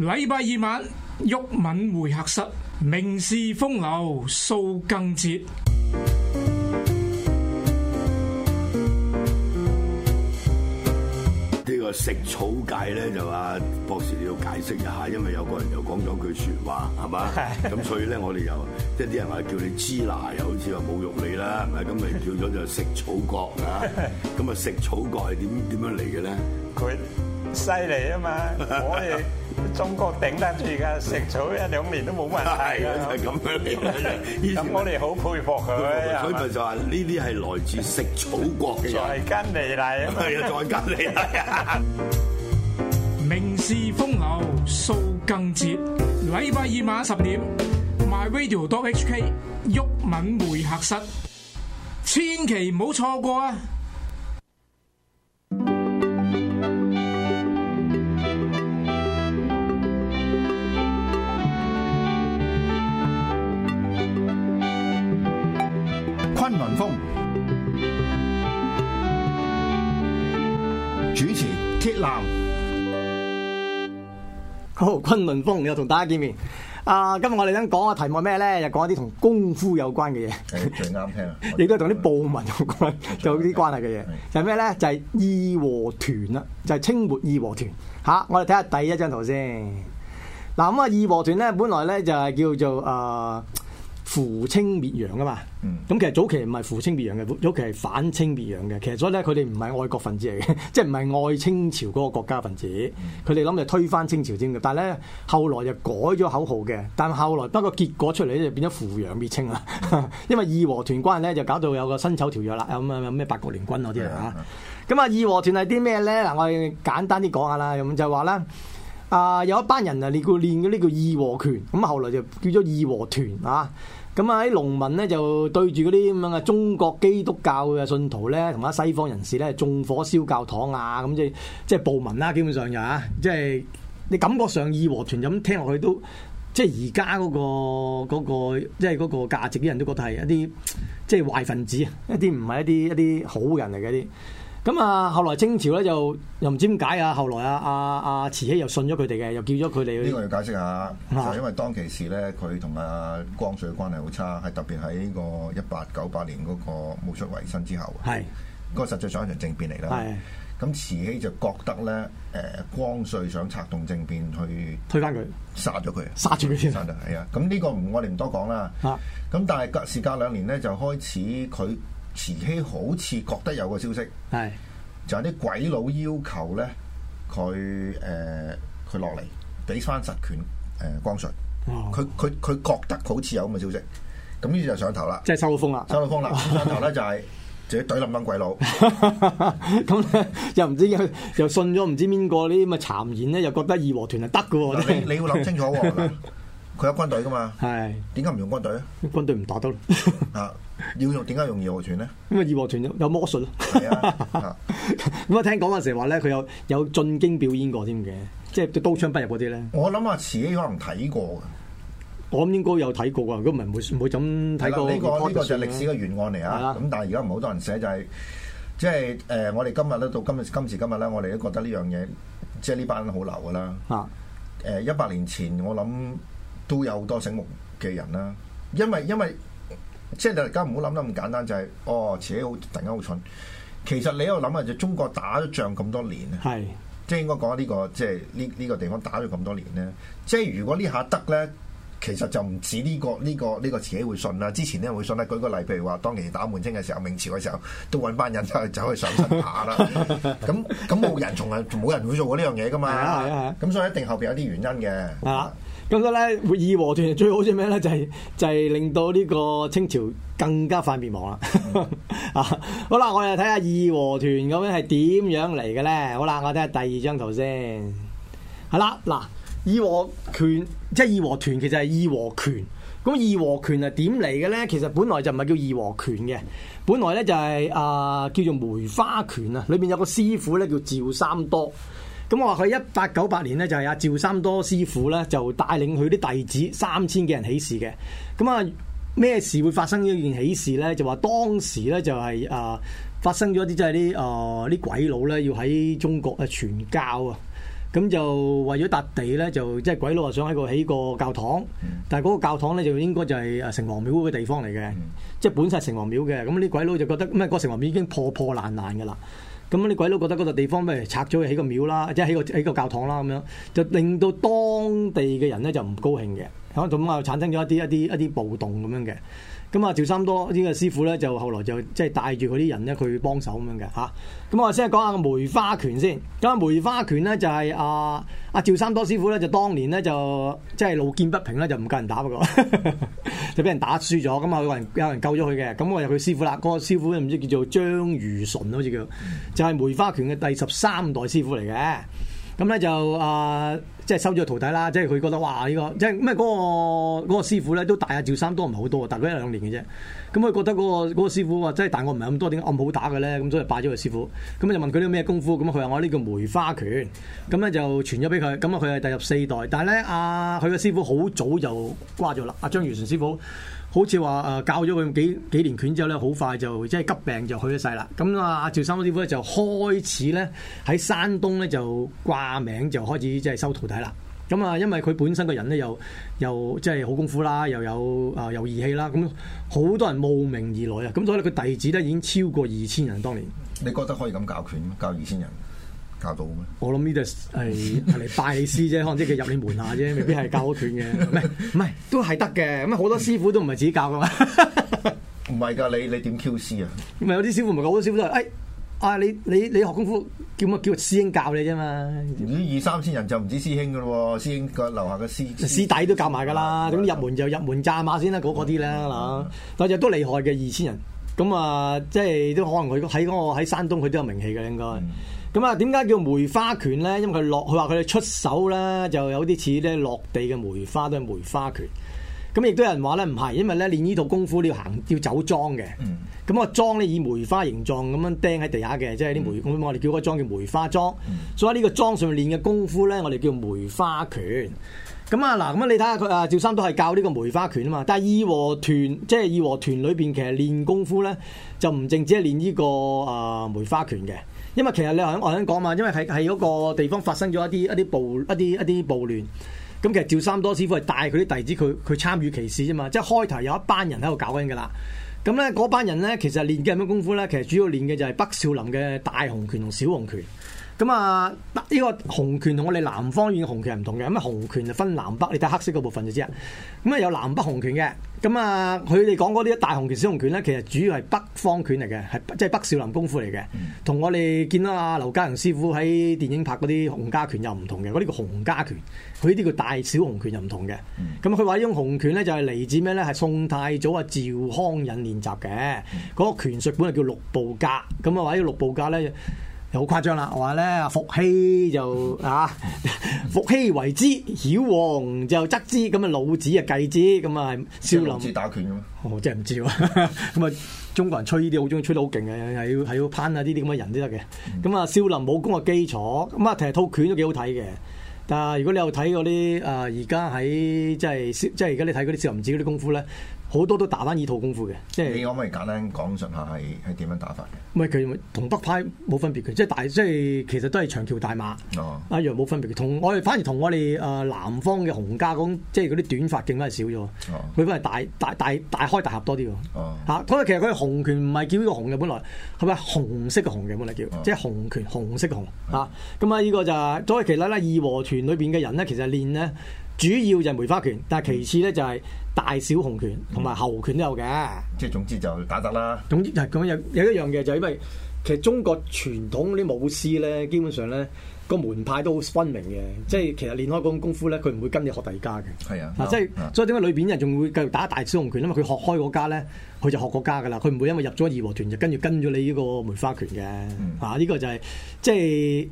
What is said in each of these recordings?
禮拜二晚毓民會客室，名士風流掃更節。呢個食草界咧就話博士你要解釋一下，因為有個人又講咗句說話，係嘛？咁 所以咧，我哋又即係啲人話叫你支牙，又好似話侮辱你啦，係咪？咁咪叫咗就食草角啊？咁啊食草角係點點樣嚟嘅咧？佢犀利啊嘛，我哋。 中國頂得住㗎，食草一兩年都冇問題。係係咁樣，咁我哋好佩服佢。所以咪就話呢啲係來自食草國嘅人。再跟嚟嚟啊嘛，再跟嚟嚟。名士風流蘇賡哲，禮拜二晚十點，myradio.hk 鬱敏梅客室，千祈唔好錯過啊！崑崙風主持鐵男，好，崑崙風又同大家見面。啊，今日我哋想講嘅題目咩咧？就講一啲同功夫有關嘅嘢，最啱聽啦。亦都係同啲部紋有有啲關係嘅嘢，就係咩咧？就係義和團啦，就係清末義和團。吓，我哋睇下第一張圖先。嗱，咁啊，義和團咧，本來咧就係叫做啊。呃扶清滅洋啊嘛，咁其實早期唔係扶清滅洋嘅，早期係反清滅洋嘅。其實所以咧，佢哋唔係愛國分子嚟嘅，即係唔係愛清朝嗰個國家分子。佢哋諗住推翻清朝先嘅。但係咧，後來就改咗口號嘅。但係後來不過結果出嚟咧，就變咗扶洋滅清啦。嗯、 因為義和團關係咧，就搞到有個辛丑條約啦，咁啊咩八國聯軍嗰啲啊。咁啊、嗯，嗯、義和團係啲咩咧？嗱，我哋簡單啲講下啦，咁就話啦。啊、呃！有一班人啊，你練練嗰啲叫義和拳，咁後來就叫咗義和團啊。咁啊，啲農民咧就對住嗰啲咁樣嘅中國基督教嘅信徒咧，同埋西方人士咧，縱火燒教堂啊，咁即係即係暴民啦、啊。基本上就啊，即、就、係、是、你感覺上義和團咁聽落去都即係而家嗰個即係嗰個價值啲人都覺得係一啲即係壞分子啊，一啲唔係一啲一啲好人嚟嘅啲。咁啊，後來清朝咧，又又唔知點解啊，後來啊，啊啊慈禧又信咗佢哋嘅，又叫咗佢哋。呢個要解釋下，啊、就係因為當其時咧，佢同阿光緒關係好差，係特別喺呢個一八九八年嗰個戊戌維新之後。係是，嗰個實際上係一場政變嚟啦。係是，咁慈禧就覺得咧，誒、呃、光緒想策動政變去推翻佢，殺咗佢，殺住佢先。殺 啊！係啊！咁呢個我哋唔多講啦。啊，咁但係隔時隔兩年咧，就開始佢。慈禧好似覺得有個消息，係是就係啲鬼佬要求咧，佢誒佢落嚟俾翻實權誒、呃、光緒，佢佢佢覺得好似有咁嘅消息，咁於是就上頭啦，即係收到風啦，收到風啦，上頭咧就係自己懟冧班鬼佬，咁咧又唔知又又信咗唔知邊個呢啲咁嘅讒言咧，又覺得義和團係得嘅喎，你你要諗清楚喎。嗯 佢有軍隊噶嘛，係點解唔用軍隊啊？軍隊唔打得啊！要用點解用義和團咧？因為義和團有有魔術咯。係啊！咁啊，聽講嗰時話咧，佢有有進京表演過添嘅，即係刀槍不入嗰啲咧。我諗啊，自己可能睇過嘅。我諗應該有睇過啊！如果唔係，唔會唔會咁睇過。呢個呢個就歷史嘅原案嚟啊！咁但係而家唔係好多人寫，就係即係誒，我哋今日咧到今日今時今日咧，我哋都覺得呢樣嘢即係呢班好流噶啦。啊！誒，一百年前我諗。都有好多醒目嘅人啦，因為因為即係大家唔好諗得咁簡單，就係、是、哦自己好突然間好蠢。其實你又諗下就是、中國打咗仗咁多，是、這個、多年，即係應該講呢個即係呢呢個地方打咗咁多年咧，即係如果呢下得咧。其實就唔止呢、這個呢、這個呢、這個自己會信啦，之前呢，會信啦。舉個例，譬如話當年打滿清嘅時候、明朝嘅時候，都揾班人走去走去上身下啦。咁咁冇人從嚟，冇 人會做過呢樣嘢噶嘛。咁所以一定後邊有啲原因嘅。咁所以咧，義和團最好似咩咧？就係、是、就係、是、令到呢個清朝更加快滅亡啦。啊、 嗯， 好啦，我哋睇下義和團咁樣係點樣嚟嘅咧。好啦，我睇下第二張圖先。係啦，嗱。義和拳即係義和團，其實係義和拳。咁義和拳係點嚟嘅咧？其實本來就唔係叫義和拳嘅，本來咧就係、是、啊、呃、叫做梅花拳啊。裏邊有個師傅咧叫趙三多。咁我話佢一八九八年咧就係阿趙三多師傅咧就帶領佢啲弟子三千幾人起事嘅。咁啊咩事會發生起呢？件起事咧就話當時咧就係、是、啊、呃、發生咗啲即係啲啊啲鬼佬咧要喺中國啊傳教啊。咁就為咗搭地咧，就即係鬼佬啊，想喺度起個教堂，嗯、但係嗰個教堂咧就應該就係誒城隍廟嘅地方嚟嘅，嗯、即係本身係城隍廟嘅。咁啲鬼佬就覺得咩、嗰個城隍廟已經破破爛爛㗎啦，咁啲鬼佬覺得嗰個地方咪拆咗，起個廟啦，即係起個起個教堂啦咁樣，就令到當地嘅人咧就唔高興嘅，咁啊產生咗一啲一啲一啲暴動咁樣嘅。咁啊，趙三多呢個師傅咧，就後來就即係帶住嗰啲人咧，佢幫手咁樣嘅吓。咁我先講下個梅花拳先。咁啊，梅花拳咧就係阿阿趙三多師傅咧，就當年咧就即係路見不平咧，就唔夠人打嗰個，就俾人打輸咗。咁啊，有人有人救咗佢嘅。咁我入佢師傅啦，嗰個師傅唔知叫做張如純好似叫，就係梅花拳嘅第十三代師傅嚟嘅。咁咧、嗯、就啊、呃，即係收咗徒弟啦，即係佢覺得哇，呢、這個即係咩、那個？誒、那、嗰個師傅咧都大阿趙三多唔係好多，大概一兩年嘅啫。咁、嗯、佢覺得嗰、那個嗰、那個、師傅話即係大我唔係咁多點解，我好打嘅咧，咁、嗯、所以拜咗佢師傅。咁、嗯、啊就問佢啲咩功夫，咁佢話我呢個梅花拳。咁咧、嗯、就傳咗俾佢，咁啊佢係第十四代。但係咧，阿佢嘅師傅好早就瓜咗啦，阿、啊、張如純師傅。好似話誒教咗佢幾幾年拳之後咧，好快就即係急病就去咗世啦。咁、嗯、啊，趙三多師傅咧就開始咧喺山東咧就掛名就開始即係收徒弟啦。咁、嗯、啊，因為佢本身個人咧又又即係好功夫啦，又有啊、呃、又義氣啦，咁、嗯、好多人慕名而來啊。咁、嗯、所以佢弟子咧已經超過二千人當年。你覺得可以咁教拳？教二千人？教到咩？我諗呢度係係嚟拜師啫，可能即係入你門下啫，未必係教拳嘅。唔係唔係都係得嘅。咁啊，好多師傅都唔係自己教噶嘛。唔係噶，你你點 QC 啊？咪有啲師傅唔係好多師傅都係，哎啊、哎、你你你學功夫叫乜叫師兄教你啫嘛？二三千人就唔止師兄噶咯，師兄個樓下嘅師師弟都教埋噶啦。咁、嗯、入門就入門炸馬先啦，嗰、那、啲、個、啦嗱。嗰隻、嗯嗯嗯、都厲害嘅二千人，咁啊、呃，即係都可能佢喺嗰個喺山東佢都有名氣嘅應該、嗯。咁啊，點解叫梅花拳咧？因為佢落，佢話佢哋出手咧就有啲似咧落地嘅梅花，都係梅花拳。咁亦都有人話咧唔係，因為咧練呢套功夫你要行要走樁嘅。咁、嗯、個樁咧以梅花形狀咁樣釘喺地下嘅，即係啲梅，咁、嗯、我哋叫個樁叫梅花樁。嗯、所以呢個樁上面練嘅功夫咧，我哋叫梅花拳。咁啊嗱，咁樣你睇下佢啊，趙三都係教呢個梅花拳啊嘛。但係義和團即係義和團裏邊，其實練功夫咧就唔淨止係練呢個啊梅花拳嘅。因為其實你話我喺講嘛，因為係係嗰個地方發生咗一啲一啲暴一啲一啲暴亂，咁其實趙三多師傅係帶佢啲弟子去佢參與其事啫嘛，即係開頭有一班人喺度搞緊噶啦，咁咧嗰班人咧其實練嘅乜功夫咧，其實主要練嘅就係北少林嘅大洪拳同小洪拳。咁啊，呢、嗯這個紅拳同我哋南方練嘅紅拳係唔同嘅，咁、嗯、啊紅拳就分南北，你睇黑色嗰部分就知啦。咁、嗯、啊有南北紅拳嘅，咁啊佢哋講嗰啲大紅拳、小紅拳咧，其實主要係北方拳嚟嘅，係即係北少林功夫嚟嘅，同我哋見到啊劉家良師傅喺電影拍嗰啲洪家拳又唔同嘅。嗰啲叫洪家拳，佢呢啲叫大小紅拳又唔同嘅。咁佢話呢種紅拳咧就係、是、嚟自咩咧？係宋太祖啊趙匡胤練習嘅，嗰、那個拳術本係叫六步架，咁啊話呢個六步架咧。好誇張啦！話咧伏羲就啊，伏羲 為之曉王就則之，咁啊老子啊繼之，咁啊少林。少林打拳咁咩？哦，真係唔知喎！咁啊，中國人吹呢啲好中意吹得好勁嘅，係要係要攀下呢啲咁嘅人先得嘅。咁啊少林武功嘅基礎，咁啊其實套拳都幾好睇嘅。但係如果你有睇嗰啲啊，而家喺即係即係而家你睇嗰啲少林寺嗰啲功夫咧。好多都打翻依套功夫嘅，即係你可唔可以簡單講述下係係點樣打法？唔係佢同北派冇分別嘅，即係大即係其實都係長橋大馬哦，一樣冇分別嘅。同我哋反而同我哋誒南方嘅洪家嗰即係嗰啲短法勁咧少咗，佢反而大大大大開大合多啲喎。哦所以其實佢洪拳唔係叫呢個洪嘅，本來係咪紅色嘅洪嘅本嚟叫，即係洪拳紅色嘅洪。咁啊依個就再其啦啦，義和團裏邊嘅人咧，其實練咧。主要就係梅花拳，但係其次咧就係大小紅拳同埋猴拳都有嘅、嗯。即係總之就打得啦。總之就係咁樣有有一樣嘢，就係因為其實中國傳統啲武師咧，基本上咧個門派都好分明嘅。嗯、即係其實練開嗰種功夫咧，佢唔會跟你學第二家嘅。係啊，啊即係所以點解裏邊人仲會繼續打大小紅拳？因為佢學開嗰家咧，佢就學嗰家噶啦。佢唔會因為入咗義和團就跟住跟咗你呢個梅花拳嘅。嚇、嗯，呢、啊這個就係、是、即係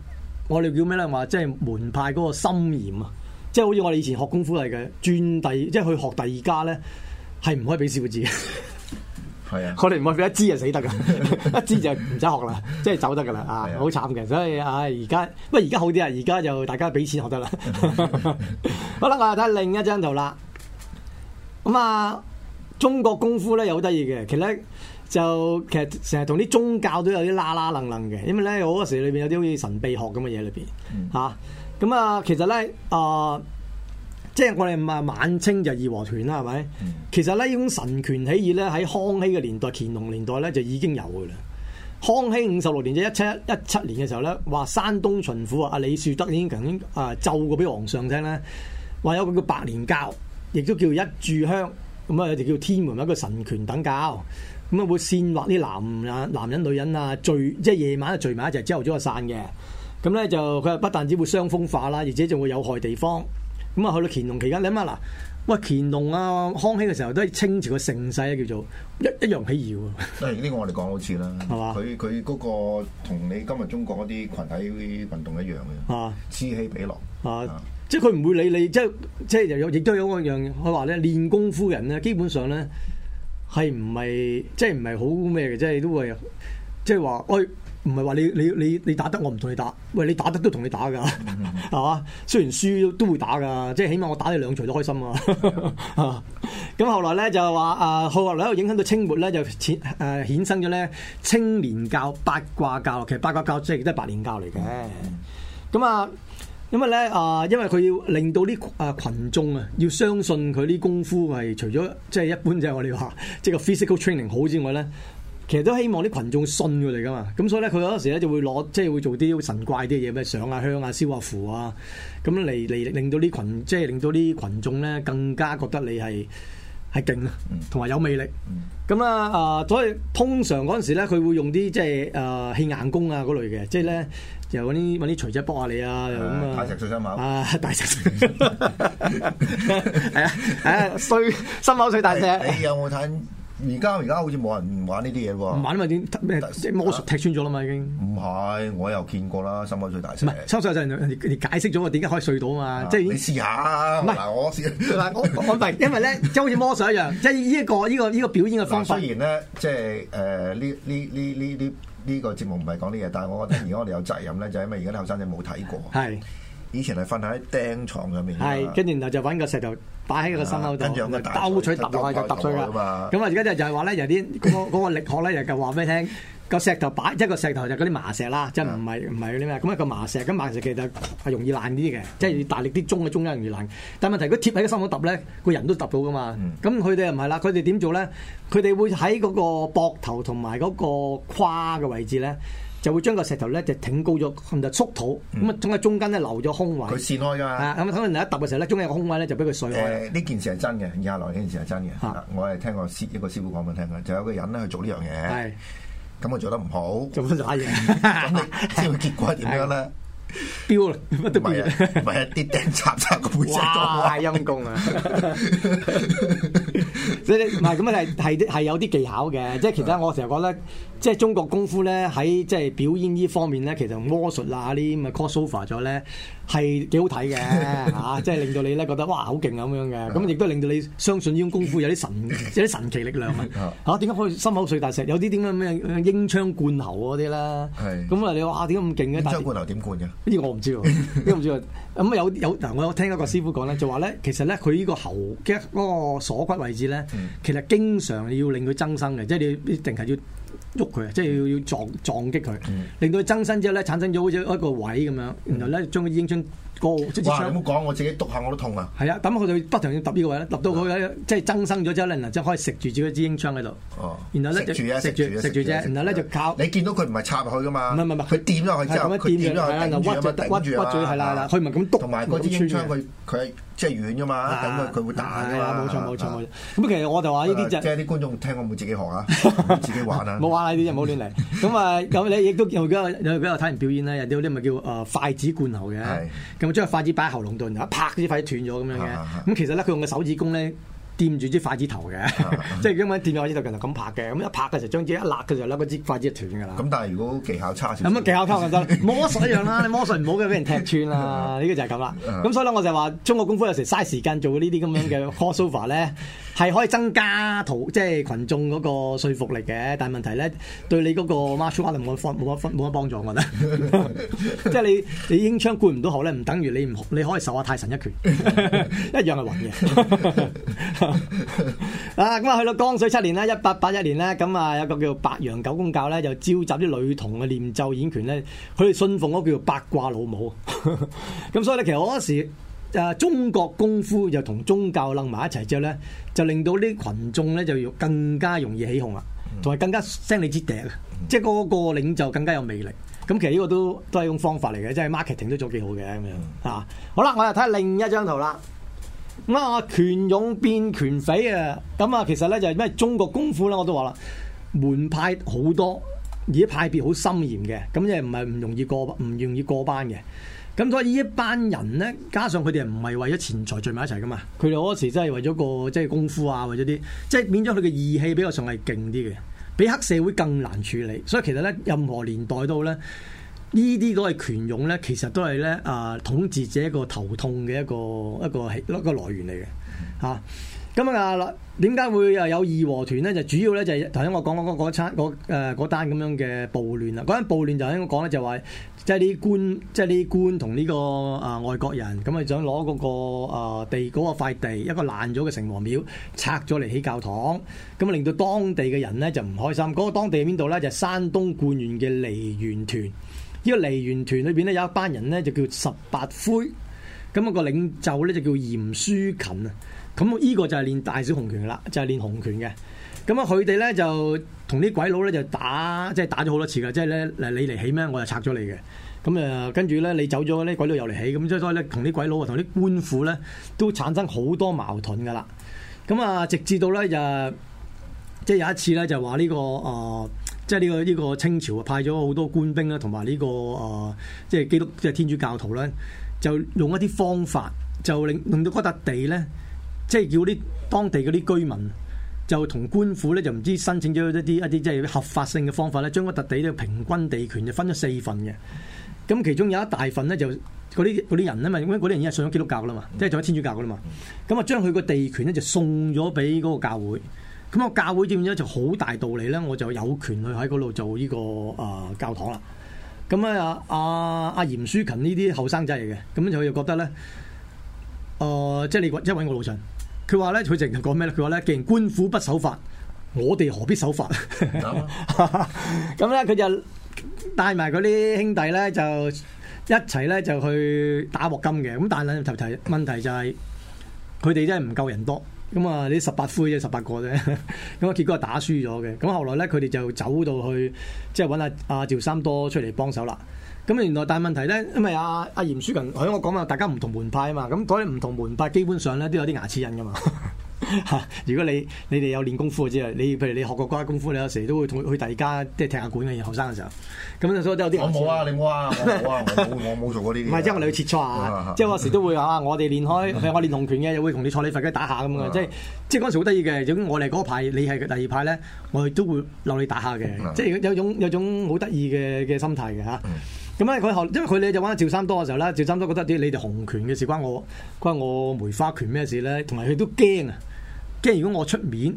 我哋叫咩咧？話即係門派嗰個森嚴啊！即係好似我哋以前學功夫嚟嘅，轉第二即係去學第二家咧，係唔可以俾少字嘅。係啊，我哋唔可以俾一支就死得噶， 一支就唔使學啦，即係走得噶啦是的 啊，好慘嘅。所以啊，而家不過而家好啲啊，而家就大家俾錢學得啦。 好啦，我睇另一張圖啦。咁、嗯、啊，中國功夫咧又好得意嘅，其實呢就其實成日同啲宗教都有啲啦啦楞楞嘅，因為咧我嗰時裏邊有啲好似神秘學咁嘅嘢裏邊吓。啊嗯咁啊，其實咧，啊，即係我哋啊，晚清就義和團啦，係咪？其實咧，呢種神權起義咧，喺康熙嘅年代、乾隆年代咧，就已經有嘅啦。康熙五十六年即一七一七年嘅時候咧，話山東巡撫啊，阿李樹德已經曾經啊奏過俾皇上聽咧，話有個叫白蓮教，亦都叫一炷香，咁啊就叫天門一個神權等教，咁啊會煽惑啲男啊男人、女人啊聚，即係夜晚就聚埋一齊，朝頭早就散嘅。咁咧就佢又不但止會傷風化啦，而且仲會有害地方。咁啊去到乾隆期間，你諗啊嗱，喂乾隆啊、康熙嘅時候都係清朝嘅盛世啊，叫做一一樣起義喎。啊呢個我哋講好似啦，係嘛吧？佢佢嗰個同你今日中國嗰啲群體運動一樣嘅。啊吧，此起彼落。啊吧，吧即係佢唔會理你，即係即係又有亦都有一樣。佢話咧練功夫人咧，基本上咧係唔係即係唔係好咩嘅，即係都會即係話，哎。唔係話你你你你打得我唔同你打，喂你打得都同你打噶，係嘛？雖然輸都會打噶，即係起碼我打你兩錘都開心啊！咁 的後來咧就話啊，後來喺度影響到清末咧，就顯誒衍生咗咧青年教、八卦教，其實八卦教即係亦都係白蓮教嚟嘅。咁啊的，因為咧啊，因為佢要令到啲啊群眾啊，要相信佢啲功夫係除咗即係一般就係我哋話即係個 physical training 好之外咧。其實都希望啲群眾信佢嚟噶嘛，咁所以咧佢有陣時咧就會攞即係會做啲神怪啲嘢，咩上啊香啊、燒啊符啊，咁嚟嚟令到啲群，即係令到啲群眾咧更加覺得你係係勁啊，同埋有魅力。咁啊啊，所以通常嗰陣時咧佢會用啲即係啊氣硬功啊嗰類嘅，即係咧就揾啲揾啲錘仔搏下你啊，又咁啊。大石碎心口啊！大石係啊係啊，碎心口碎大石。你有冇睇？而家而家好似冇人唔玩呢啲嘢喎，唔玩啊嘛？點咩？魔術踢穿咗啦嘛，已經。唔係，我又見過啦，胸口碎大石。唔係，抽水就你你解釋咗我點解可以碎到啊嘛？即係你試下。唔係，我試，但係我我唔係，因為咧即係好似魔術一樣，即係呢一個呢個呢個表演嘅方法。雖然咧，即係誒呢呢呢呢呢呢個節目唔係講呢嘢，但係我覺得而家我哋有責任咧，就係因為而家啲後生仔冇睇過。係。以前係瞓喺釘床入面。係，跟住然後就揾個石頭。擺喺個心口度，兜取揼落去就揼碎啦。咁啊，而家就就係話咧，有啲嗰嗰個力學咧，又就話畀你聽，個石頭擺，即係個石頭就嗰啲麻石啦，即係唔係唔係嗰啲咩？咁啊個麻石，咁麻石其實係容易爛啲嘅，即係、嗯、要大力啲中嘅中咧容易爛。但問題佢果貼喺個心口揼咧，個人都揼到噶嘛？咁佢哋又唔係啦，佢哋點做咧？佢哋會喺嗰個膊頭同埋嗰個胯嘅位置咧，就會將個石頭咧就挺高咗，就縮肚。咁啊，中間咧留咗空位。佢扇開噶，咁啊，睇佢一揼嘅時候咧，中間個空位咧就俾佢碎開。呢件事係真嘅，廿六呢件事係真嘅。我係聽過師一個師傅講俾我聽嘅，就有個人咧去做呢樣嘢。係，咁我做得唔好，做乜嘢？咁啊，最後結果點樣咧？標，乜都標。唔係一啲釘插插個背脊，太陰功啦。所以唔係咁啊，係係係有啲技巧嘅。即係其實我成日覺得。即係中國功夫咧，喺即係表演呢方面咧，其實魔術啊啲咁嘅 crossover 咗咧，係幾好睇嘅嚇，即係令到你咧覺得哇好勁咁樣嘅，咁亦都令到你相信呢種功夫有啲神有啲神奇力量啊嚇！點解可以心口碎大石？有啲點樣咩？英槍貫喉嗰啲啦，係咁的啊！你話點解咁勁咧？英槍貫喉點灌嘅？呢個我唔知喎，呢個唔知喎、 嗯、有有嗱，我有聽一個師傅講咧，就話咧，其實咧佢呢，呢個喉嘅嗰、那個鎖，鎖骨位置咧，其實經常要令佢增生嘅，即係你一定要。喐佢啊！即係要要撞撞擊佢，令到佢增生之後咧，產生咗好似一個位咁樣，然後咧將個煙囪。哇！你唔好講，我自己篤下我都痛啊！係啊，咁佢就不停要揼呢個位咧，揼到佢即係增生咗之後咧，即係可以食住自己支纓槍喺度。哦，然後咧食住啊，食住啊，食住啫。然後咧就靠你見到佢唔係插入去噶嘛？唔係唔係，佢掂落去之後，佢墊咗佢定住咁，屈住屈住係啦啦。佢唔係咁篤，同埋嗰支纓槍佢佢即係軟噶嘛，咁啊佢會彈噶嘛。冇錯冇錯冇錯。咁其實我就話呢啲就即係啲觀眾聽我冇自己學啊，自己玩啊。冇玩呢啲嘢，冇亂嚟。咁啊咁你亦都用咗有幾多睇完表演咧？有啲嗰啲咪叫佢將個筷子擺喺喉嚨度，就一啪啲筷子斷咗咁樣嘅。咁其實咧，佢用個手指公咧。掂住支筷子頭嘅，即係咁樣掂住筷子頭，然後咁拍嘅，咁一拍嘅時候將支一揦嘅時候，嗱支筷子就斷㗎啦。咁但係如果技巧差，咁啊技巧差就得，魔術一樣啦。你魔術唔好嘅俾人踢穿啦，呢個就係咁啦。咁所以咧，我就話中國功夫有時嘥時間做呢啲咁樣嘅 call sofa 咧，係可以增加圖即係群眾嗰個說服力嘅。但係問題咧，對你嗰個 martial art 冇乜冇乜冇乜幫助，我覺得。即係你你英槍灌唔到喉咧，唔等於你唔你可以受下泰神一拳一樣係暈嘅。啊，咁啊 去到江水七年啦，年一八八一年啦，咁啊有個叫白羊九公教咧，就召集啲女童嘅念咒演拳咧，佢哋信奉嗰個叫做八卦老母。咁 所以咧，其實好多時誒，中國功夫就同宗教楞埋一齊之後咧，就令到啲群眾咧就用更加容易起哄啦，同埋更加犀利之笛啊，嗯、即係嗰個領袖更加有魅力。咁其實呢個都都係一種方法嚟嘅，即、就、係、是、marketing 都做幾好嘅咁樣啊。嗯嗯、好啦，我又睇另一張圖啦。啊，拳勇變拳匪啊！咁啊，其實咧就係咩？中國功夫咧，我都話啦，門派好多，而啲派別好森嚴嘅，咁即係唔係唔容易過唔容易過班嘅。咁所以呢一班人咧，加上佢哋唔係為咗錢財聚埋一齊噶嘛，佢哋嗰時真係為咗個即係、就是、功夫啊，為咗啲即係變咗佢嘅義氣比較上係勁啲嘅，比黑社會更難處理。所以其實咧，任何年代都咧。呢啲都係拳勇咧，其實都係咧啊統治者一個頭痛嘅一個一個一個來源嚟嘅嚇。咁啊，點解、啊、會啊有義和團咧？就主要咧就係頭先我講嗰嗰餐嗰誒單咁樣嘅暴亂啦。嗰單暴亂就應該講咧、就係，就話即係啲官即係啲官同呢、呢個啊外國人咁啊想攞嗰、嗰個、啊、地嗰、嗰個塊地一個爛咗嘅城隍廟拆咗嚟起教堂，咁啊令到當地嘅人咧就唔開心。嗰、嗰個當地邊度咧？就係、山東冠縣嘅梨園團。呢個梨園團裏邊咧有一班人咧就叫十八魁，咁、那、啊個領袖咧就叫嚴書勤啊，咁呢個就係練大小紅拳噶啦，就係、是、練紅拳嘅。咁啊佢哋咧就同啲鬼佬咧就打，即、就、係、是、打咗好多次嘅，即係咧嗱你嚟起咩，我就拆咗你嘅。咁啊跟住咧你走咗咧，鬼佬又嚟起，咁即係所以咧同啲鬼佬啊同啲官府咧都產生好多矛盾噶啦。咁啊直至到咧就即係、就是、有一次咧就話呢、這個啊。呃即係呢個呢個清朝啊，派咗好多官兵啦、這個，同埋呢個誒，即係基督即係天主教徒咧，就用一啲方法，就令令到嗰笪地咧，即係叫啲當地嘅啲居民，就同官府咧，就唔知申請咗一啲一啲即係合法性嘅方法咧，將嗰笪地咧平均地權就分咗四份嘅。咁其中有一大份咧，就嗰啲啲人啊嘛，因為嗰啲人已經係信咗基督教噶啦嘛，即係做咗天主教噶啦嘛，咁啊將佢個地權咧就送咗俾嗰個教會。咁啊，教會點樣就好大道理咧，我就有權去喺嗰度做呢個啊教堂啦。咁啊，阿阿嚴書勤呢啲後生仔嚟嘅，咁佢就又覺得咧，誒、呃，即係你即係揾我路上，佢話咧佢成日講咩咧？佢話咧，既然官府不守法，我哋何必守法？咁咧，佢就帶埋嗰啲兄弟咧，就一齊咧就去打鑊金嘅。咁但係就提問題就係、是，佢哋真係唔夠人多。咁啊，呢十八灰啫，十八個啫，咁、嗯、啊結果打輸咗嘅。咁、嗯、後來咧，佢哋就走到去，即係揾阿阿趙三多出嚟幫手啦。咁、嗯、原來但係問題咧，因為阿、啊、阿、啊啊、閻書勤、嗯，我講話，大家唔同門派啊嘛，咁嗰啲唔同門派基本上咧都有啲牙齒印噶嘛。嗯吓！ 如果你你哋有練功夫嘅啫，你譬如你學過嗰一功夫，你有時都會去去第二家即係踢下館嘅。後生嘅時候，咁所以都有啲我冇啊，你冇啊，冇啊，我冇、啊、 冇做過呢啲。 唔係，即係我哋去切磋下、啊， 即係有時都會啊，我哋練開， 我練洪拳嘅，又會同你坐你佛偈打下咁嘅， 即係即係嗰時好得意嘅。總之我哋嗰派，你係第二排咧，我哋都會留你打下嘅，即係有種 有種好得意嘅嘅心態嘅吓。咁咧佢學，因為佢咧就玩咗趙三多嘅時候咧，趙三多覺得啲你哋洪拳嘅事關我關我梅花拳咩事咧，同埋佢都驚啊！即係如果我出面，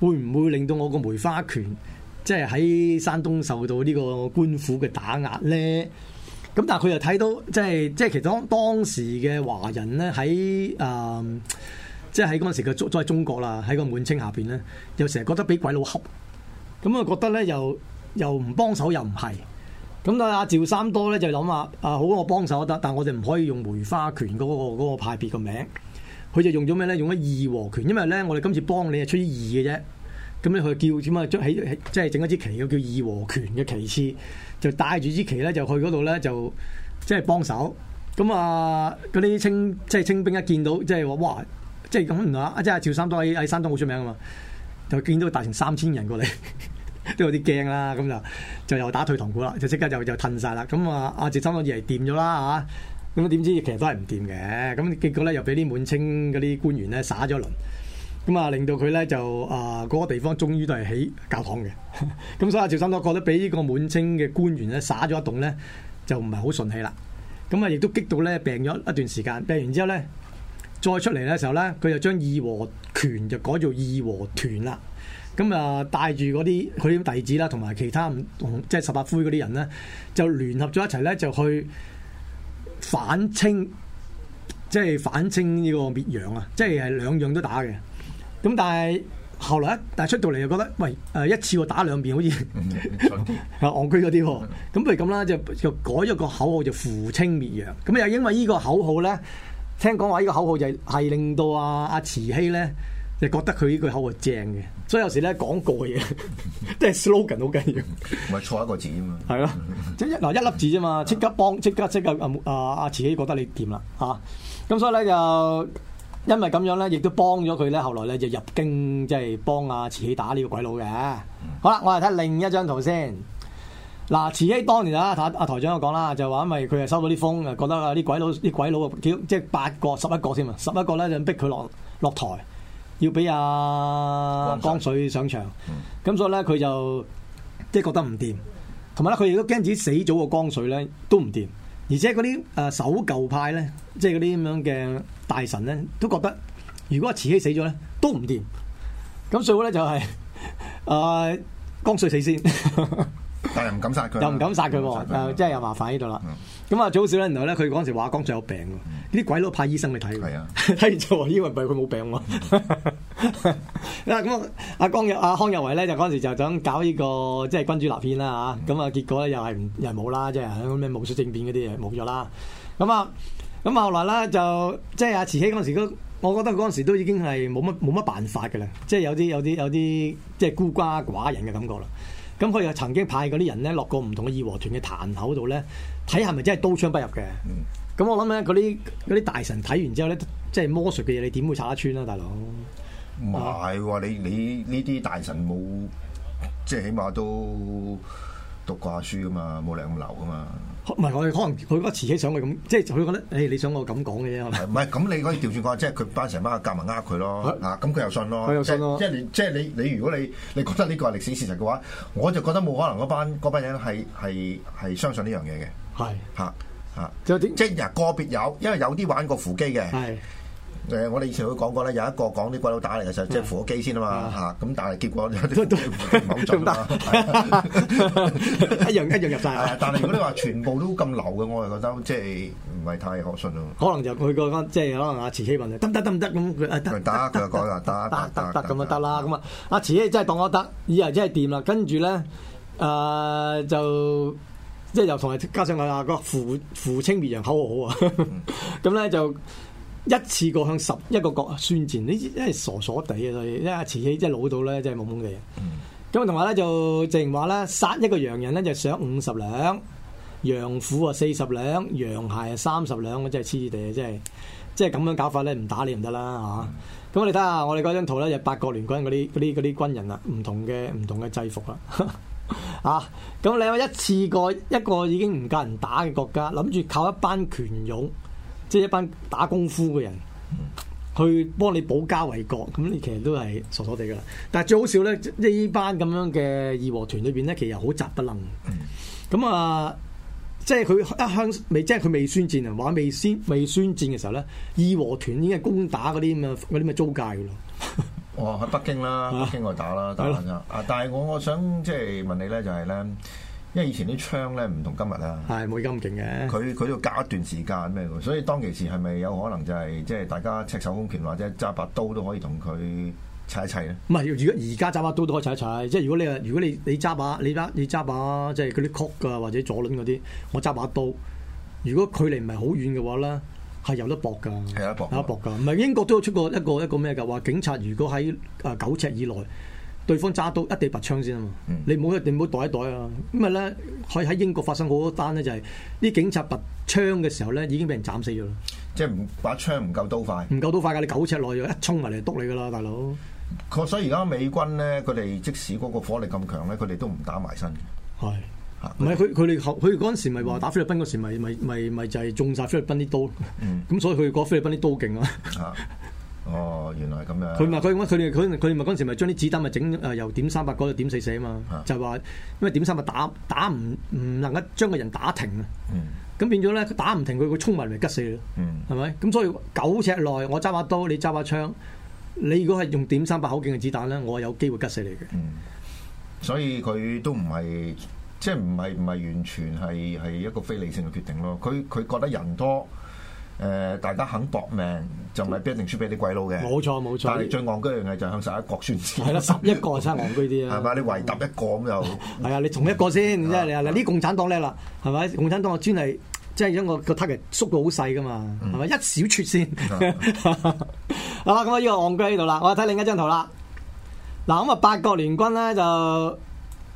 會唔會令到我個梅花拳，即係喺山東受到呢個官府嘅打壓咧？咁但係佢又睇到，即係即係，其實當當時嘅華人咧，喺誒、嗯，即係喺嗰陣時嘅中，在中國啦，喺個滿清下邊咧，又成日覺得俾鬼佬恰。咁啊覺得咧又幫又唔幫手又唔係，咁但啊阿趙三多咧就諗啊，啊好我幫手得，但我哋唔可以用梅花拳嗰、嗰個、嗰個派別個名。佢就用咗咩咧？用咗義和拳，因為咧我哋今次幫你係出於義嘅啫。咁咧佢叫點啊？即係整一支旗，叫義和拳嘅旗幟，就帶住支旗咧，就去嗰度咧，就即係、就是、幫手。咁啊，嗰、那、啲、個、清即係清兵一見到即係話哇，即係咁唔同啦。啊，即係趙三多喺喺山東好出名啊嘛，就見到大成三千人過嚟，都有啲驚啦。咁就就又打退堂鼓啦，就即刻就就褪晒啦。咁啊，阿、啊、趙三多以為掂咗啦嚇。咁點知其實都係唔掂嘅，咁結果咧又俾啲滿清嗰啲官員咧耍咗一輪，咁啊令到佢咧就啊嗰、呃嗰個地方終於都係起教堂嘅，咁所以啊趙三多覺得俾呢個滿清嘅官員咧耍咗一棟咧就唔係好順氣啦，咁啊亦都激到咧病咗一段時間，病完之後咧再出嚟嘅時候咧，佢就將義，義和拳就改做義和團啦，咁啊帶住嗰啲佢啲弟子啦，同埋其他唔同即係十八魁嗰啲人咧，就聯合咗一齊咧就去。反清，即係反清呢個滅洋啊！即係係兩樣都打嘅。咁但係後來咧，但係出到嚟又覺得，喂誒、呃、一次過打兩遍好似，啊戇居咗啲喎。咁不、 嗯、如咁啦，就改就改咗個,個口號就扶清滅洋。咁又因為呢個口號咧，聽講話呢個口號就係令到啊啊慈禧咧。就覺得佢呢句口號正嘅，所以有時咧講個嘢 即係 slogan 好緊要，唔係 錯一個字啊嘛，係咯，即一嗱一粒字啫嘛，即刻幫即刻即刻，刻啊阿慈禧覺得你掂啦嚇，咁、啊、所以咧就因為咁樣咧，亦都幫咗佢咧，後來咧就入京即係、就是、幫阿慈禧打呢個鬼佬嘅。 好啦，我嚟睇另一張圖先。嗱、啊，慈禧當年啊，睇阿台長有講啦，就話因為佢啊收到啲風啊，覺得啊啲鬼佬啲鬼佬啊，即係八個十一個添啊，十一個咧就逼佢落落台。要俾阿江水上場，咁、嗯、所以咧佢就即係覺得唔掂，同埋咧佢亦都驚自己死咗個江水咧都唔掂，而且嗰啲誒守舊派咧，即係嗰啲咁樣嘅大臣咧，都覺得如果慈禧死咗咧都唔掂，咁所以咧就係誒江水先死先， 但係唔敢殺佢，又唔敢殺佢，又即係又麻煩喺度啦。嗯咁啊，早少啦。然後咧，佢嗰陣時，阿江仲有病喎。啲、嗯、鬼佬派醫生嚟睇，佢、嗯，睇完咗，以為唔係佢冇病喎、啊 啊。啊，咁阿江又阿康有為咧，就嗰陣時就想搞呢、這個即係、就是、君主立憲啦嚇。咁啊、嗯，結果咧又係又係冇啦，即係咩戊戌政變嗰啲嘢冇咗啦。咁啊，咁啊，後來咧就即係阿慈禧嗰陣時都，我覺得嗰陣時都已經係冇乜冇乜辦法嘅啦。即、就、係、是、有啲有啲有啲即係孤寡寡人嘅感覺啦。咁佢又曾經派嗰啲人咧落過唔同嘅義和團嘅壇口度咧。睇係咪真係刀槍不入嘅？咁我諗咧，嗰啲啲大臣睇完之後咧，即係魔術嘅嘢，你點會拆得穿啊，大佬？唔係，你你呢啲大臣冇，即係起碼都讀過下書噶嘛，冇兩流噶嘛。唔係，我哋可能佢個自己想佢咁，即係就會覺得，誒，你想我咁講嘅啫，係唔係，咁你可以調轉講，即係佢班成班夾埋呃佢咯，嗱，咁佢又信咯，佢又信咯，即係你，即係你，你如果你你覺得呢個係歷史事實嘅話，我就覺得冇可能嗰班班人係係係相信呢樣嘢嘅。係吓吓，即係啊個別有，因為有啲玩過扶機嘅，誒，我哋以前會講過咧，有一個講啲鬼佬打嚟嘅時候，即係扶咗機先啊嘛吓，咁但係結果都都唔好做啦，一樣一樣入晒。但係如果你話全部都咁流嘅，我就覺得即係唔係太可信咯。可能就佢個即係可能阿慈禧問得唔得得唔得咁，佢打，佢就講啦，得得得咁就得啦，咁啊阿慈禧真係當我得，以為真係掂啦，跟住咧誒就。即係又同埋加上我阿個扶、扶清滅洋口號好好啊，咁 咧就一次過向十一個國宣戰，呢啲真係傻傻地啊！所以，因為慈禧真係老到咧，真係懵懵地。咁同埋咧就淨話，咧殺一個洋人咧就賞五十兩，洋婦啊四十兩，洋孩啊，三十兩，真係黐地啊！真係，即係咁樣搞法咧，唔打你唔得啦嚇。咁、嗯、我哋睇下我哋嗰張圖咧，就是、八國聯軍啲嗰啲嗰啲軍人啊，唔同嘅唔同嘅制服啊。 啊！咁你話一次過一個已經唔夠人打嘅國家，諗住靠一班拳勇，即係一班打功夫嘅人去幫你保家衛國，咁你其實都係傻傻哋噶啦。但係最好笑咧，呢班咁樣嘅義和團裏邊咧，其實好雜崩冷。咁啊，即係佢一向未，即係佢未宣戰啊，話未先未宣戰嘅時候咧，義和團已經係攻打嗰啲咩嗰啲咩租界噶咯。 我喺北京啦，啊、北京我打啦，打下啫。的啊，但係我我想即係問你咧，就係、是、咧，因為以前啲槍咧唔同今日啊，係冇咁勁嘅。佢佢要隔一段時間咩？所以當其時係咪有可能就係即係大家赤手空拳或者揸把刀都可以同佢砌一砌咧？唔係，如果而家揸把刀都可以砌一砌，即係如果你啊，如果你你揸把你揸你揸把即係嗰啲曲㗎或者左輪嗰啲，我揸把刀，如果距離唔係好遠嘅話咧。係有得搏噶，有得搏，有得搏噶。唔係英國都有出過一個一個咩㗎？話警察如果喺啊九尺以內，對方揸刀，一定拔槍先啊嘛。你唔好你唔好袋一袋啊。咁啊咧，可以喺英國發生好多單咧，就係啲警察拔槍嘅時候咧，已經俾人斬死咗啦。即係唔把槍唔夠刀快，唔夠刀快㗎，你九尺內一衝埋嚟篤你㗎啦，大佬。確實，所以而家美軍咧，佢哋即使嗰個火力咁強咧，佢哋都唔打埋身。係。唔係佢，佢哋，佢嗰陣時咪話打菲律賓嗰時咪咪咪咪就係中晒菲律賓啲刀，咁、嗯、所以佢講菲律賓啲刀勁啊。哦，原來係咁樣。佢咪佢，佢哋，佢佢咪嗰陣時咪將啲子彈咪整由點三八度點四四啊嘛，啊就話因為點三八打，打唔唔能夠將個人打停啊。咁、嗯、變咗咧，佢打唔停佢，佢衝埋嚟吉死你咯，係咪、嗯？咁所以九尺內我揸把刀，你揸把槍，你如果係用點三八口徑嘅子彈咧，我有機會吉死你嘅、嗯。所以佢都唔係。即係唔係唔係完全係係一個非理性嘅決定咯，佢佢覺得人多，誒大家肯搏命就唔係必定輸俾啲鬼佬嘅。冇錯冇錯，但係最戇居嘅嘢就向十一國宣戰。係啦，十一國先係戇居啲啊。係咪？你圍打一個咁就係啊，你從一個先，即係嗱嗱啲共產黨叻啦，係咪？共產黨個專係即係因為個個 target 縮到好細噶嘛，係咪？一小撮先。好啦，咁啊呢個戇居喺度啦，我睇另一張圖啦。嗱咁啊八國聯軍咧就。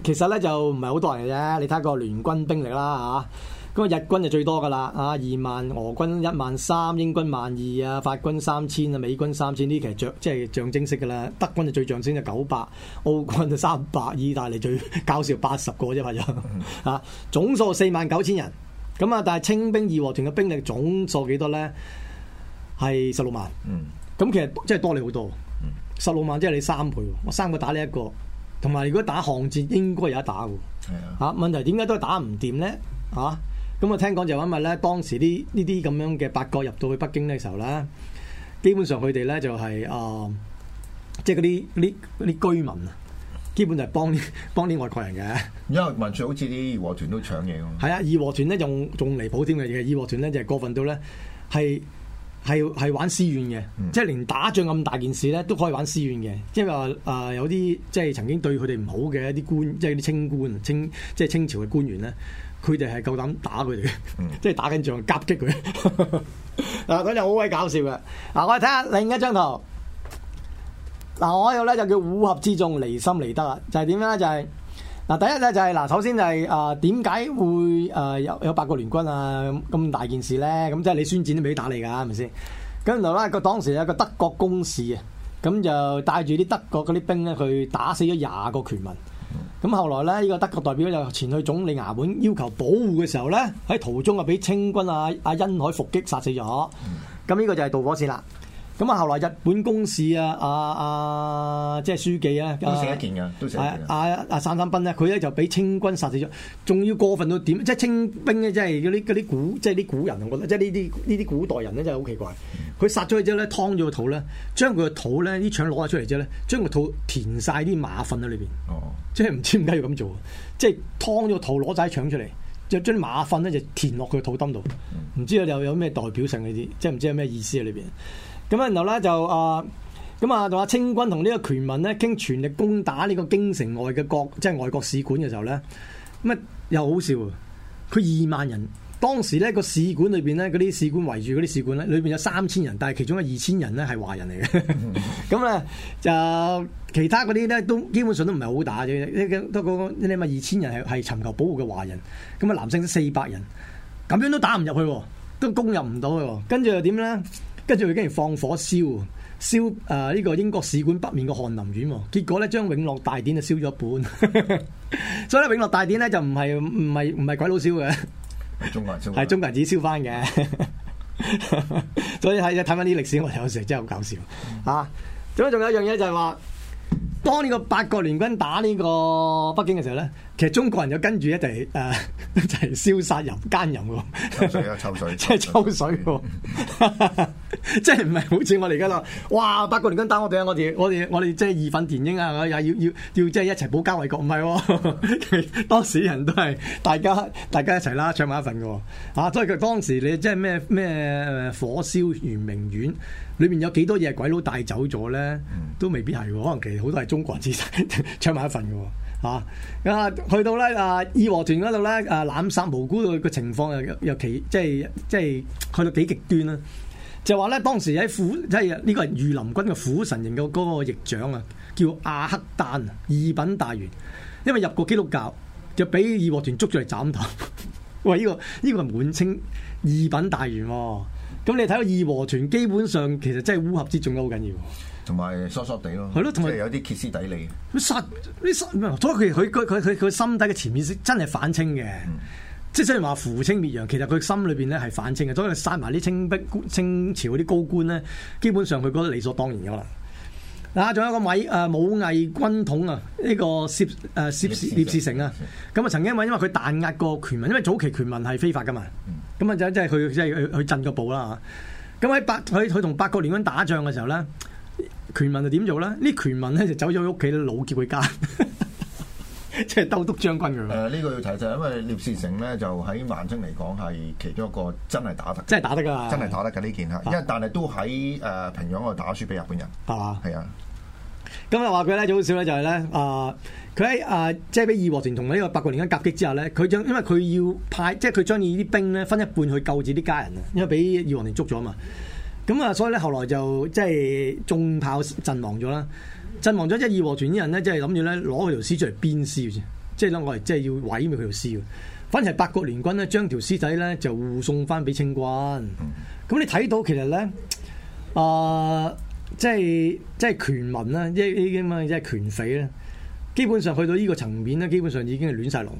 其實咧就唔係好多人嘅啫，你睇下個聯軍兵力啦啊，咁啊日軍就最多噶啦啊，二萬俄軍一萬三，英軍萬二啊，法軍三千啊，美軍三千，呢其實著即係象徵式噶啦，德軍就最象徵就九百，奧軍就三百，意大利最搞笑八十個啫，係咁啊，總數四萬九千人，咁啊但係清兵義和團嘅兵力總數幾多咧？係十六萬，咁其實即係多你好多，十六萬即係你三倍，我三個打你一個。同埋如果打巷戰應該有得打喎，嚇係嘅、啊、問題點解都係打唔掂咧？嚇咁啊我聽講就係因為咧當時啲呢啲咁樣嘅八國入到去北京嘅時候啦，基本上佢哋咧就係、是、誒，即係嗰啲啲啲居民啊，基本就係幫幫啲外國人嘅。因為民粹好似啲義和團都搶嘢喎。係啊，義和團咧仲仲離譜添嘅嘢，義和團咧就係過分到咧係。係係玩私怨嘅，即係連打仗咁大件事咧，都可以玩私怨嘅。即係話誒，有啲即係曾經對佢哋唔好嘅一啲官，即係啲清官、清即係清朝嘅官員咧，佢哋係夠膽打佢哋，mm. 即係打緊仗夾擊佢。嗱嗰陣好鬼搞笑嘅。嗱、啊、我哋睇下另一張圖，嗱、啊、我有呢度咧就叫烏合之眾離心離德啦，就係點樣咧就係、是。嗱，第一咧就係、是、嗱，首先就係、是、啊，點、呃、解會誒、呃、有有八國聯軍啊咁大件事咧？咁即係你宣戰都未打你噶，係咪先？咁然後咧，個當時有個德國公使啊，咁就帶住啲德國嗰啲兵咧去打死咗廿個拳民。咁後來咧，呢、這個德國代表就前去總理衙門要求保護嘅時候咧，喺途中啊俾清軍啊阿恩、啊、海伏擊殺死咗。咁呢個就係導火線啦。咁啊！後來日本公使啊阿，啊，即、啊、係、就是、書記啊，都寫一件㗎，都寫一件，寫一件啊。啊散散彬咧、啊，佢咧就俾清軍殺死咗。仲要過分到點？即、就、係、是、清兵咧、啊，即係嗰啲啲古，即係啲古人，我覺得即係呢啲呢啲古代人咧、啊，真係好奇怪。佢殺咗之後咧，劏咗個肚咧，將個肚咧啲腸攞晒出嚟之後咧，將個肚填晒啲馬糞喺裏邊。哦，即係唔知點解要咁做？即係劏咗個肚攞晒腸出嚟，就將馬糞咧就填落佢個肚竇度。唔知又有咩代表性呢啲？即係唔知有咩意思喺裏邊。裡面就是咁然後咧就啊，咁啊同阿清軍同呢個拳民咧傾全力攻打呢個京城外嘅國，即係外國使館嘅時候咧，咁啊又好笑，佢二萬人，當時咧、那個使館裏邊咧嗰啲使館圍住嗰啲使館咧，裏邊有三千人，但係其中嘅二千人咧係華人嚟嘅。咁 啊、 嗯、就其他嗰啲咧都基本上都唔係好打啫，呢、那個不過你咪二千人係係尋求保護嘅華人，咁啊，淨剩四百人，咁樣都打唔入去，都攻入唔到嘅，跟住又點咧？跟住佢竟然放火燒，燒誒呢、呃呢個英國使館北面嘅翰林院喎，結果咧將永樂大典就燒咗一半， 所以咧永樂大典咧就唔係唔係唔係鬼佬燒嘅，係中國人燒，是中燒，中國人自己燒翻嘅， 所以係睇翻啲歷史，我有時真係好搞笑啊！咁啊，仲有一樣嘢就係話，當呢個八國聯軍打呢個北京嘅時候咧。其實中國人又跟住一齊，誒一齊燒殺淫奸淫喎、啊，抽水，即係 抽水喎、啊 啊，即係唔係好似我哋而家咯，哇八國聯軍打我哋，我哋我哋我哋即係義憤填膺啊，又要要要即係一齊保家衛國，唔係、哦， 當時人都係大家大家一齊啦，搶埋一份噶，啊，所以佢當時你即係咩咩火燒圓明園，裏面有幾多嘢係鬼佬帶走咗咧，都未必係，可能其實好多係中國人自身搶埋一份噶。啊！咁啊，去到咧啊，義和團嗰度咧啊，濫殺無辜嘅個情況又又又奇，即係即係去到幾極端啦、啊！就話咧，當時喺虎即係呢、這個係御林軍嘅虎神營嘅嗰個翼長啊，叫阿克丹，二品大員，因為入過基督教，就俾義和團捉咗嚟斬頭。 喂，呢、這個依、這個係滿清二品大員喎、啊！咁你睇個義和團基本上其實真係烏合之眾咯，好緊要、啊。同埋疏疏地咯，係咯，同佢哋有啲歇斯底里。佢殺，啲殺，所以佢佢佢佢佢心底嘅潛意識真係反清嘅，即係雖然話扶清滅洋。其實佢心裏邊咧係反清嘅，所以佢殺埋啲清清朝嗰啲高官咧，基本上佢覺得理所當然嘅啦。嗱，仲有個位誒武毅軍統啊，呢個聶誒聶士成啊，咁啊曾經因為因為佢彈壓過拳民，因為早期拳民係非法嘅嘛，咁啊就即係佢即係去去進個步啦咁，喺八佢佢同八國聯軍打仗嘅時候咧。拳民就點做咧？呢拳民咧就走咗屋企老叫佢家、 啊，即係兜督將軍咁樣。誒，呢個要提就提，因為聶士成咧就喺晚清嚟講係其中一個真係打得，真係打得噶、啊，真係打得噶呢件吓。的因為的但係都喺誒平壤度打輸俾日本人，係嘛？係啊。咁的啊話佢咧最好笑咧就係咧，啊佢喺啊即係俾義和團同埋呢個八國聯軍夾擊之後咧，佢將因為佢要派，即係佢將呢啲兵咧分一半去救治啲家人啊，因為俾義和團捉咗嘛。咁啊、嗯，所以咧，後來就即係中炮陣亡咗啦，陣亡咗即係義和團啲人咧，即係諗住咧攞佢條屍出嚟鞭屍，即係咧我哋即係要毀滅佢條屍。反而八國聯軍咧，將條屍仔咧就護送翻俾清軍。咁、嗯嗯、你睇到其實咧，啊、呃，即係即係權民啦，即係呢啲咁即係權匪咧，基本上去到呢個層面咧，基本上已經係亂晒龍，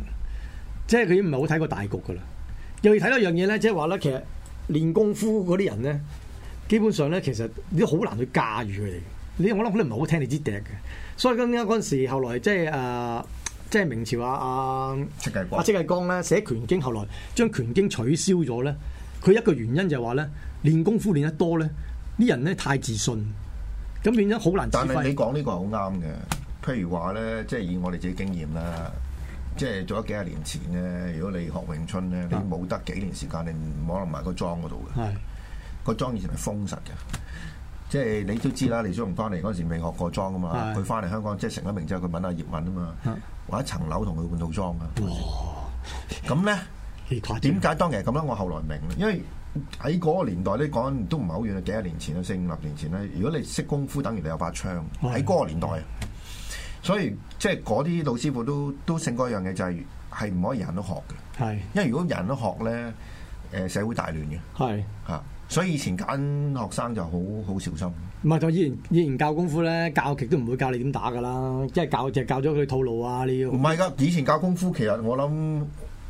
即係佢已經唔係好睇過大局噶啦。又要睇到一樣嘢咧，即係話咧，其實練功夫嗰啲人咧。基本上咧，其實你都好難去駕馭佢哋。你我諗，你唔係好聽你啲笛嘅。所以咁樣嗰陣時後、啊啊啊，後來即係誒，即係明朝阿阿阿戚繼光咧寫《拳經》，後來將《拳經》取消咗咧。佢一個原因就係話咧，練功夫練得多咧，啲人咧太自信，咁變咗好難。但係你講呢個係好啱嘅。譬如話咧，即係以我哋自己經驗啦，即係做咗幾廿年前咧。如果你學詠春咧，的你冇得幾年時間，你唔可能埋個莊嗰度嘅。係。個樁以前係封實嘅，即係你都知啦。李小龍翻嚟嗰時未學過樁啊嘛。佢翻嚟香港即係成咗名之後，佢問阿葉問啊嘛，或者層樓同佢換套樁啊。咁咧點解當然係咁咧？我後來明因為喺嗰個年代咧講都唔係好遠，幾多年前啦，四五六年前咧。如果你識功夫，等於你有把槍喺嗰個年代啊。所以即係嗰啲老師傅都都識嗰樣嘢，就係係唔可以人都學嘅。係因為如果人都學咧，誒社會大亂嘅。係啊。所以以前揀學生就好好小心。唔係，就以前以前教功夫咧，教極都唔會教你點打噶啦，即係教就教咗佢套路啊，你要。唔係㗎，以前教功夫，其實我諗。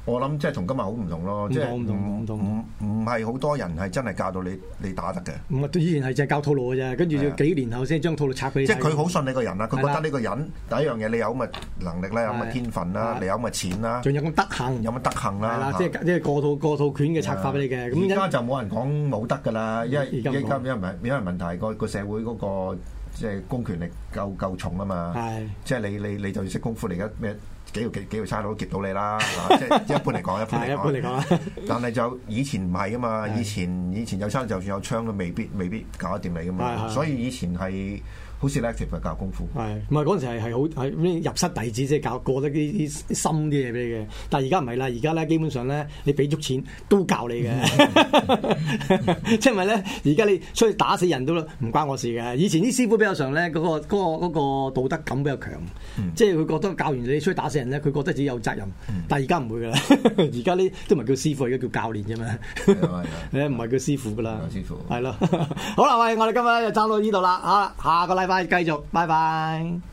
我諗即係同今日好唔同咯，即係唔同唔唔係好多人係真係教到你你打得嘅。唔啊，以前係淨係教套路嘅啫，跟住要幾年後先將套路拆佢。即係佢好信你個人啦，佢覺得呢個人第一樣嘢，你有咁嘅能力啦，有咁嘅天分啦，你有咁嘅錢啦，仲有咁德行，有乜德行啦，即係即係過套過套拳嘅拆法俾你嘅。咁而家就冇人講冇得噶啦，因為而家因為問題個個社會嗰個，即係公權力夠夠重啊嘛！是的 即係你你你就要識功夫，你而家咩幾條幾個幾條差佬都劫到你啦！即係 一般嚟講，一般嚟講，的但係就以前唔係啊嘛！是的 以！以前以前有槍，就算有槍都未必未必搞得掂你啊嘛！是的 所以以前係。好似咧，直頭教功夫。係唔係嗰時係係好係入室弟子即先教過得啲啲深啲嘢俾你嘅？但係而家唔係啦，而家咧基本上咧，你俾足錢都教你嘅。即係咪咧？而家你出去打死人都唔關我事嘅。以前啲師傅比較常咧，嗰、嗰個嗰、嗰個、道德感比較強，嗯、即係佢覺得教完你出去打死人咧，佢覺得自己有責任。嗯、但係而家唔會㗎啦，而家呢都唔係叫師傅，而家叫教練啫嘛。係啊、嗯，唔係 的叫師傅㗎啦。師傅係咯。的 好啦，喂，我哋今日就爭到呢度啦嚇，下個禮拜，繼續，拜拜。